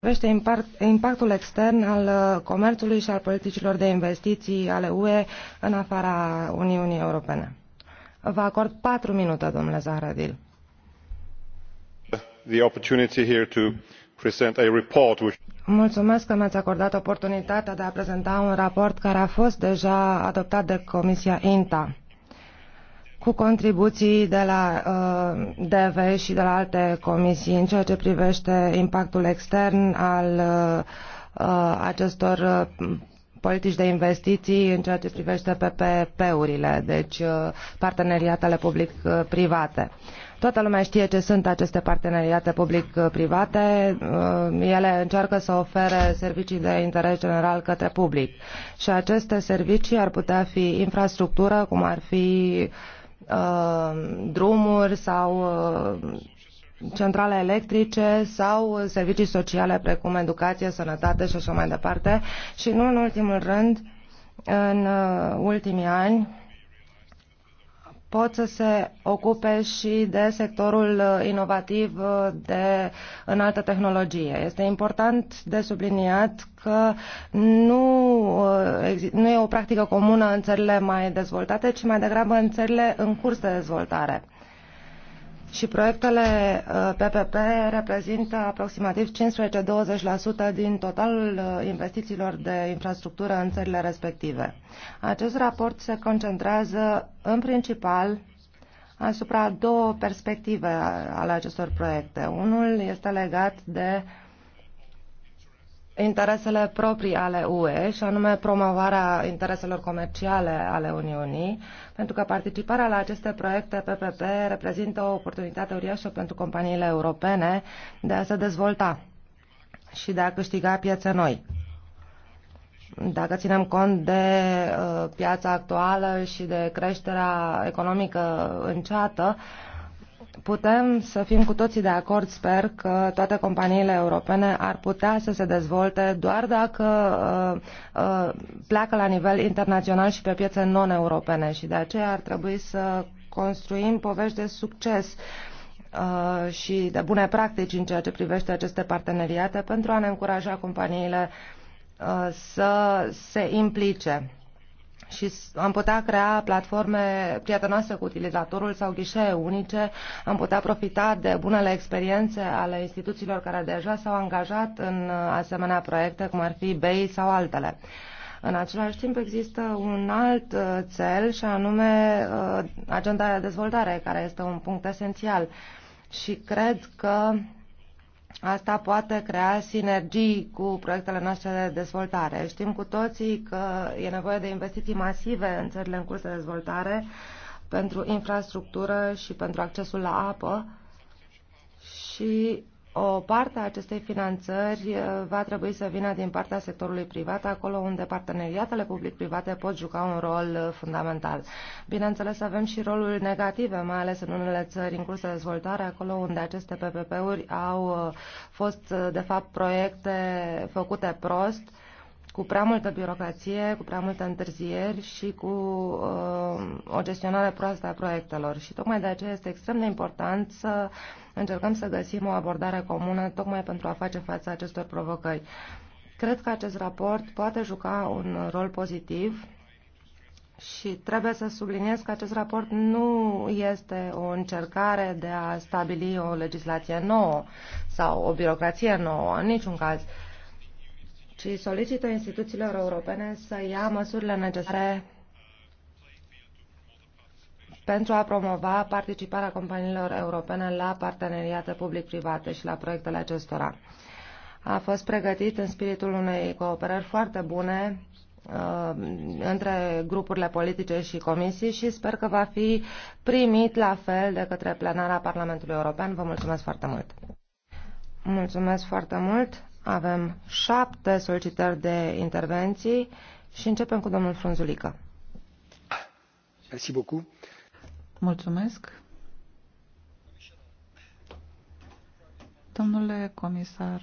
privește impactul extern al uh, comerțului și al politicilor de investiții ale UE în afara Uniunii Europene. Vă acord patru minute, domnule Zahradil. The opportunity here to present a report which... Mulțumesc că mi-ați acordat oportunitatea de a prezenta un raport care a fost deja adoptat de Comisia INTA cu contribuții de la uh, DV și de la alte comisii în ceea ce privește impactul extern al uh, uh acestor uh, politici de investiții în ceea ce privește PPP-urile, deci uh, parteneriatele public-private. Toată lumea știe ce sunt aceste parteneriate public-private. Uh, ele încearcă să ofere servicii de interes general către public. Și aceste servicii ar putea fi infrastructură, cum ar fi uh, Uh, drumuri sau uh, centrale electrice sau servicii sociale precum educație, sănătate și așa mai departe. Și nu în ultimul rând, în uh, ultimii ani, pot să se ocupe și de sectorul uh, inovativ uh, de înaltă tehnologie. Este important de subliniat că nu, uh, nu e o practică comună în țările mai dezvoltate, ci mai degrabă în țările în curs de dezvoltare și proiectele PPP uh, reprezintă aproximativ 15-20% din totalul uh, investițiilor de infrastructură în țările respective. Acest raport se concentrează în principal asupra două perspective uh, ale acestor proiecte. Unul este legat de uh, interesele proprii ale UE, și anume promovarea intereselor comerciale ale Uniunii, pentru că participarea la aceste proiecte PPP reprezintă o oportunitate uriașă pentru companiile europene de a se dezvolta și de a câștiga piețe noi. Dacă ținem cont de uh, piața actuală și de creșterea economică înceată, uh, Putem să fim cu toții de acord, sper, că toate companiile europene ar putea să se dezvolte doar dacă uh, uh, pleacă la nivel internațional și pe piețe non-europene și de aceea ar trebui să construim povești de succes uh, și de bune practici în ceea ce privește aceste parteneriate pentru a ne încuraja companiile să se implice și am putea crea platforme prietenoase cu utilizatorul sau ghișee unice, am putea profita de bunele experiențe ale instituțiilor care deja s-au angajat în asemenea proiecte, cum ar fi BEI sau altele. În același timp există un alt cel uh, și anume uh, agenda de dezvoltare, care este un punct esențial și cred că Asta poate crea sinergii cu proiectele noastre de dezvoltare. Știm cu toții că e nevoie de investiții masive în țările în curs de dezvoltare pentru infrastructură și pentru accesul la apă și o parte a acestei finanțări uh, va trebui să vină din partea sectorului privat, acolo unde parteneriatele public-private pot juca un rol uh, fundamental. Bineînțeles, avem și roluri negative, mai ales în unele țări în curs de dezvoltare, acolo unde aceste PPP-uri au uh, fost, de fapt, proiecte făcute prost, cu prea multă birocrație, cu prea multe întârzieri și cu uh, o gestionare proastă a proiectelor. Și tocmai de aceea este extrem de important să încercăm să găsim o abordare comună tocmai pentru a face față acestor provocări. Cred că acest raport poate juca un rol pozitiv și trebuie să subliniez că acest raport nu este o încercare de a stabili o legislație nouă sau o birocrație nouă, în niciun caz. Uh, ci solicită instituțiilor europene să ia măsurile necesare pentru a promova participarea companiilor europene la parteneriate public-private și la proiectele acestora. A fost pregătit în spiritul unei cooperări foarte bune uh, între grupurile politice și comisii și sper că va fi primit la fel de către plenara Parlamentului European. Vă mulțumesc foarte mult! Mulțumesc foarte mult! Avem șapte solicitări de intervenții și începem cu domnul Frunzulică. Merci beaucoup. Mulțumesc. Domnule comisar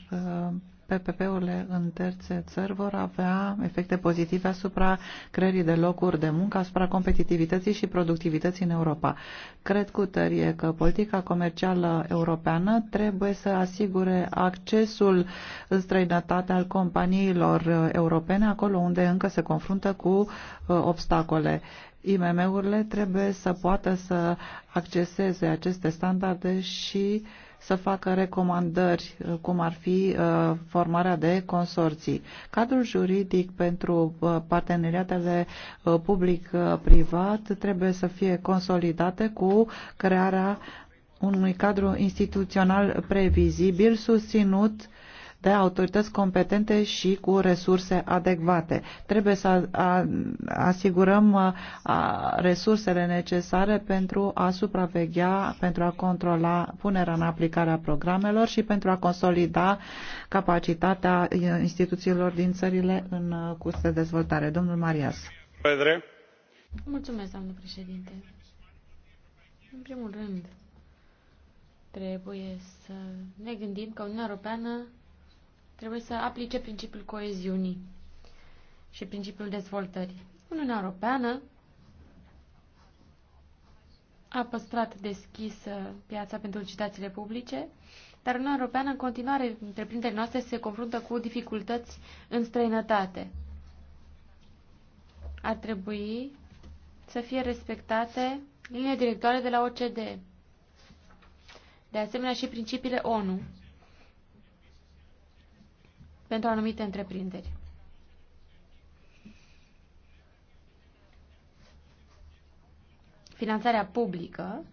PPP-urile în terțe țări vor avea efecte pozitive asupra creării de locuri de muncă, asupra competitivității și productivității în Europa. Cred cu tărie că politica comercială europeană trebuie să asigure accesul în străinătate al companiilor europene acolo unde încă se confruntă cu uh, obstacole. IMM-urile trebuie să poată să acceseze aceste standarde și uh, să facă recomandări, uh, cum ar fi uh, formarea de consorții. Cadrul juridic pentru uh, parteneriatele public-privat trebuie să fie consolidate cu crearea unui cadru instituțional previzibil susținut uh, de autorități competente și cu resurse adecvate. Trebuie să asigurăm uh, resursele necesare pentru a supraveghea, pentru a controla punerea în aplicare a programelor și pentru a consolida capacitatea instituțiilor din țările în uh, curs de dezvoltare. Domnul Marias. Mulțumesc, doamnă președinte. În primul rând, trebuie să ne gândim că Uniunea Europeană trebuie să aplice principiul coeziunii și principiul dezvoltării. Uniunea Europeană a păstrat deschisă uh, piața pentru licitațiile publice, dar Uniunea Europeană în continuare, întreprinderile noastre se confruntă cu dificultăți în străinătate. Ar trebui să fie respectate liniile directoare de la OCDE, de asemenea și principiile ONU pentru anumite întreprinderi. Finanțarea publică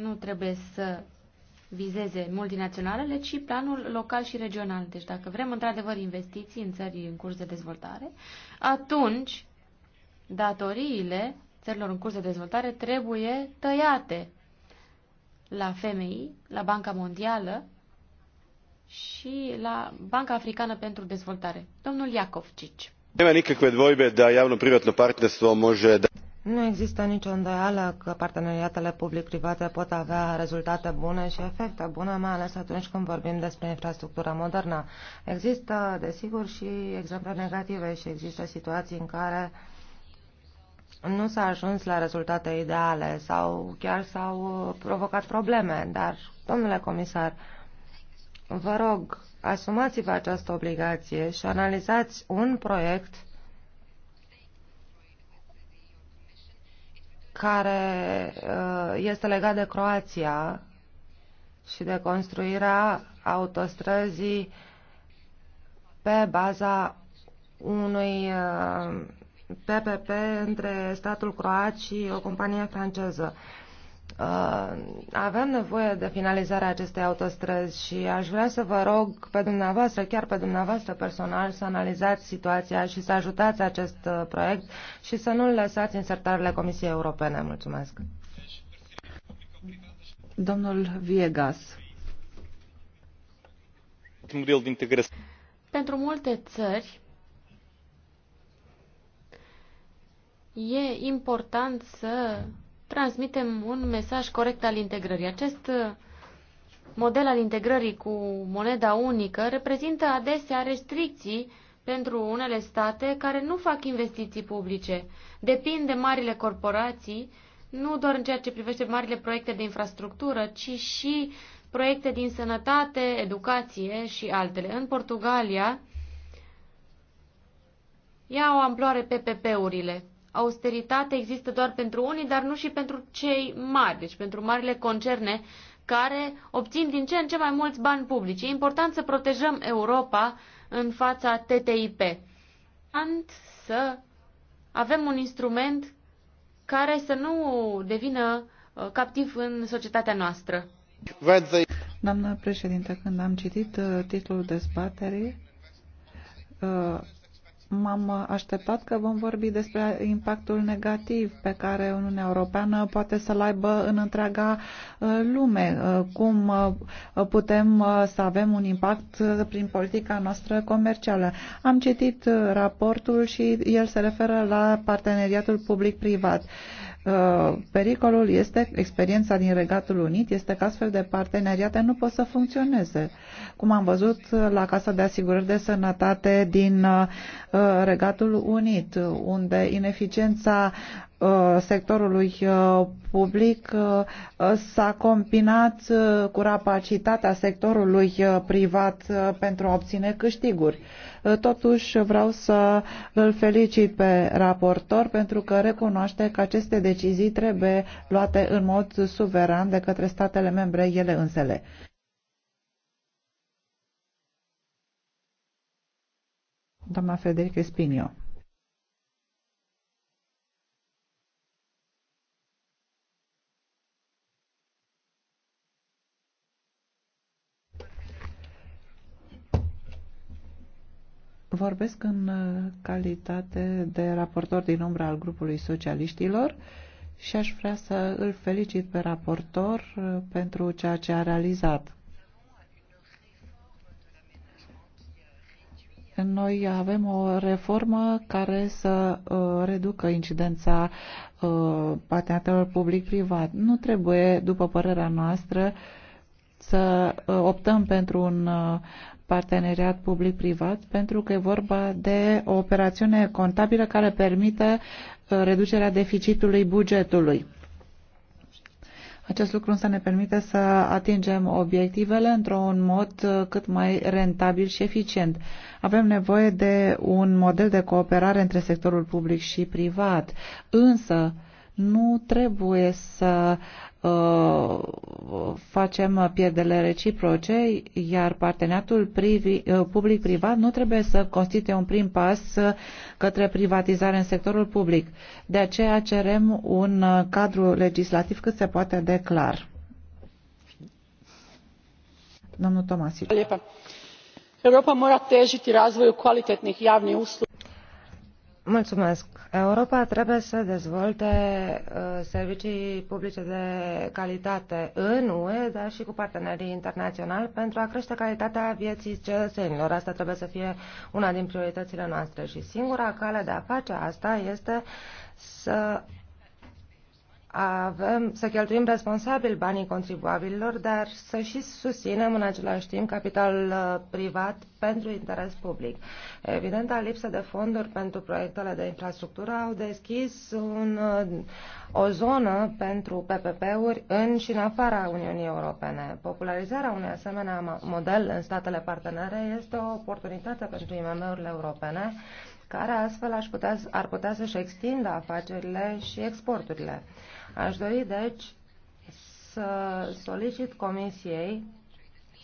nu trebuie să vizeze multinaționalele, ci planul local și regional. Deci dacă vrem într-adevăr investiții în țări în curs de dezvoltare, atunci datoriile țărilor în curs de dezvoltare trebuie tăiate la FMI, la Banca Mondială, și la Banca Africană pentru Dezvoltare. Domnul Iacov Cici. Da da- nu există nicio îndoială că parteneriatele public-private pot avea rezultate bune și efecte bune, mai ales atunci când vorbim despre infrastructura modernă. Există, desigur, și exemple negative și există situații în care nu s-a ajuns la rezultate ideale sau chiar s-au provocat probleme. Dar, domnule comisar, vă rog, asumați-vă această obligație și analizați un proiect care uh, este legat de Croația și de construirea autostrăzii pe baza unui PPP uh, între statul croat și o companie franceză. Uh, avem nevoie de finalizarea acestei autostrăzi și aș vrea să vă rog pe dumneavoastră, chiar pe dumneavoastră personal, să analizați situația și să ajutați acest uh, proiect și să nu-l lăsați în sertarele Comisiei Europene. Mulțumesc. Domnul Viegas. Pentru multe țări, e important să transmitem un mesaj corect al integrării. Acest uh, model al integrării cu moneda unică reprezintă adesea restricții pentru unele state care nu fac investiții publice. Depind de marile corporații, nu doar în ceea ce privește marile proiecte de infrastructură, ci și proiecte din sănătate, educație și altele. În Portugalia iau amploare PPP-urile austeritate există doar pentru unii, dar nu și pentru cei mari, deci pentru marile concerne care obțin din ce în ce mai mulți bani publici. E important să protejăm Europa în fața TTIP. And să avem un instrument care să nu devină uh, captiv în societatea noastră. Doamna președinte, când am citit uh, titlul dezbaterii, uh, m-am așteptat că vom vorbi despre impactul negativ pe care Uniunea Europeană poate să-l aibă în întreaga uh, lume, uh, cum uh, putem să avem un impact prin politica noastră comercială. Am citit raportul și el se referă la parteneriatul public-privat. Uh, Uh, pericolul este, experiența din Regatul Unit este că astfel de parteneriate nu pot să funcționeze. Cum am văzut la Casa de Asigurări de Sănătate din uh, Regatul Unit, unde ineficiența Uh, sectorului uh, public uh, s-a combinat cu capacitatea sectorului privat pentru a obține câștiguri. Totuși vreau să îl felicit pe raportor pentru că recunoaște că aceste decizii trebuie luate în mod suveran de către statele membre ele însele. Doamna Federica Spinio. Vorbesc în uh, calitate de raportor din umbra al grupului socialiștilor și aș vrea să îl felicit pe raportor uh, pentru ceea ce a realizat. Noi avem o reformă care să uh, reducă incidența patentelor public-privat. Nu trebuie, după părerea noastră, să uh, optăm pentru un uh, parteneriat public-privat pentru că e vorba de o operațiune contabilă care permite uh, reducerea deficitului bugetului. Acest lucru însă ne permite să atingem obiectivele într-un mod cât mai rentabil și eficient. Avem nevoie de un model de cooperare între sectorul public și privat, însă nu trebuie să uh, facem pierdele reciproce, iar parteneriatul uh, public-privat nu trebuie să constituie un prim pas către privatizare în sectorul public. De aceea cerem un uh, cadru legislativ cât se poate de clar. Domnul Tomasic. Europa mora težiti razvoju kvalitetnih javnih usluga. Mulțumesc. Europa trebuie să dezvolte uh, servicii publice de calitate în UE, dar și cu partenerii internaționali pentru a crește calitatea vieții cetățenilor. Asta trebuie să fie una din prioritățile noastre și singura cale de a face asta este să avem, să cheltuim responsabil banii contribuabililor, dar să și susținem în același timp capital uh, privat pentru interes public. Evidenta lipsă de fonduri pentru proiectele de infrastructură au deschis un, uh, o zonă pentru PPP-uri în și în afara Uniunii Europene. Popularizarea unui asemenea model în statele partenere este o oportunitate pentru IMM-urile europene care astfel aș putea, ar putea să-și extindă afacerile și exporturile. Aș dori, deci, să solicit Comisiei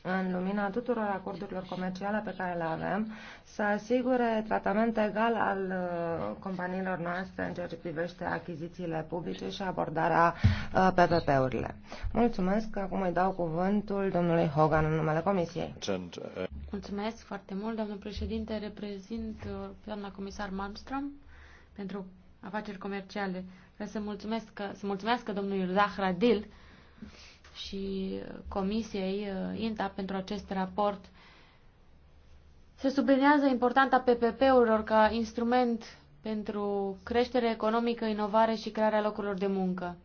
în lumina tuturor acordurilor comerciale pe care le avem, să asigure tratament egal al uh, companiilor noastre în ceea ce privește achizițiile publice și abordarea uh, PPP-urile. Mulțumesc. că Acum îi dau cuvântul domnului Hogan în numele Comisiei. Uh, Mulțumesc foarte mult, domnul președinte. Reprezint doamna comisar Malmström pentru afaceri comerciale. Vreau să mulțumesc, să mulțumesc domnului dil și uh, Comisiei uh, INTA pentru acest raport. Se sublinează importanța PPP-urilor ca instrument pentru creștere economică, inovare și crearea locurilor de muncă.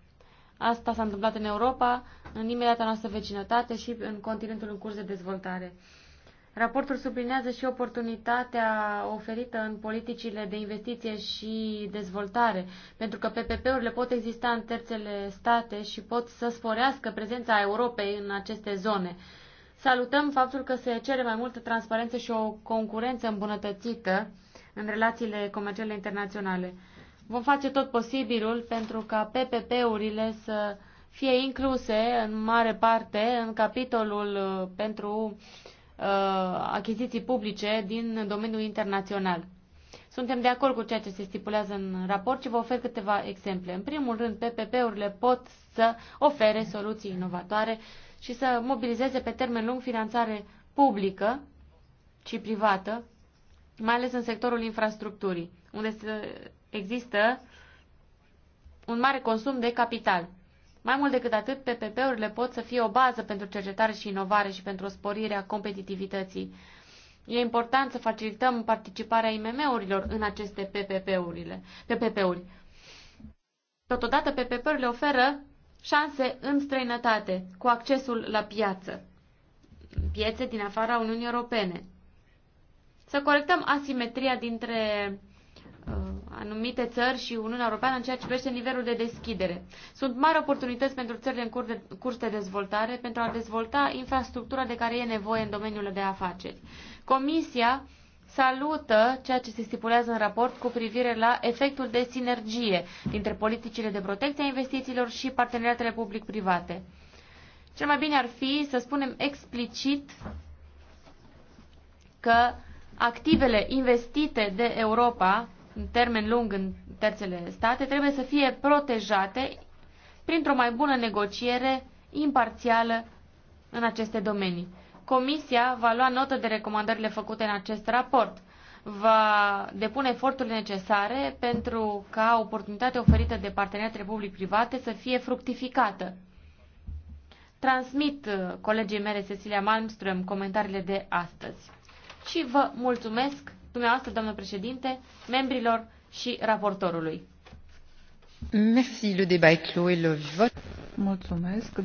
Asta s-a întâmplat în Europa, în imediata noastră vecinătate și în continentul în curs de dezvoltare. Raportul sublinează și oportunitatea oferită în politicile de investiție și dezvoltare, pentru că PPP-urile pot exista în terțele state și pot să sporească prezența Europei în aceste zone. Salutăm faptul că se cere mai multă transparență și o concurență îmbunătățită în relațiile comerciale internaționale. Vom face tot posibilul pentru ca PPP-urile să fie incluse în mare parte în capitolul uh, pentru uh, Uh, achiziții publice din domeniul internațional. Suntem de acord cu ceea ce se stipulează în raport și vă ofer câteva exemple. În primul rând, PPP-urile pot să ofere soluții inovatoare și să mobilizeze pe termen lung finanțare publică și privată, mai ales în sectorul infrastructurii, unde există un mare consum de capital. Mai mult decât atât, PPP-urile pot să fie o bază pentru cercetare și inovare și pentru sporirea competitivității. E important să facilităm participarea IMM-urilor în aceste PPP-urile, PPP-uri. Totodată, PPP-urile oferă șanse în străinătate, cu accesul la piață, piețe din afara Uniunii Europene. Să corectăm asimetria dintre anumite țări și Uniunea Europeană în ceea ce privește nivelul de deschidere. Sunt mari oportunități pentru țările în curs de, curs de dezvoltare pentru a dezvolta infrastructura de care e nevoie în domeniul de afaceri. Comisia salută ceea ce se stipulează în raport cu privire la efectul de sinergie dintre politicile de protecție a investițiilor și parteneriatele public-private. Cel mai bine ar fi să spunem explicit că activele investite de Europa în termen lung în terțele state trebuie să fie protejate printr-o mai bună negociere imparțială în aceste domenii. Comisia va lua notă de recomandările făcute în acest raport. Va depune eforturile necesare pentru ca oportunitatea oferită de parteneriatele public-private să fie fructificată. Transmit uh, colegii mele Cecilia Malmström comentariile de astăzi. Și vă mulțumesc dumneavoastră, doamnă președinte, membrilor și raportorului. Merci, le débat est clos et le vote. Mulțumesc.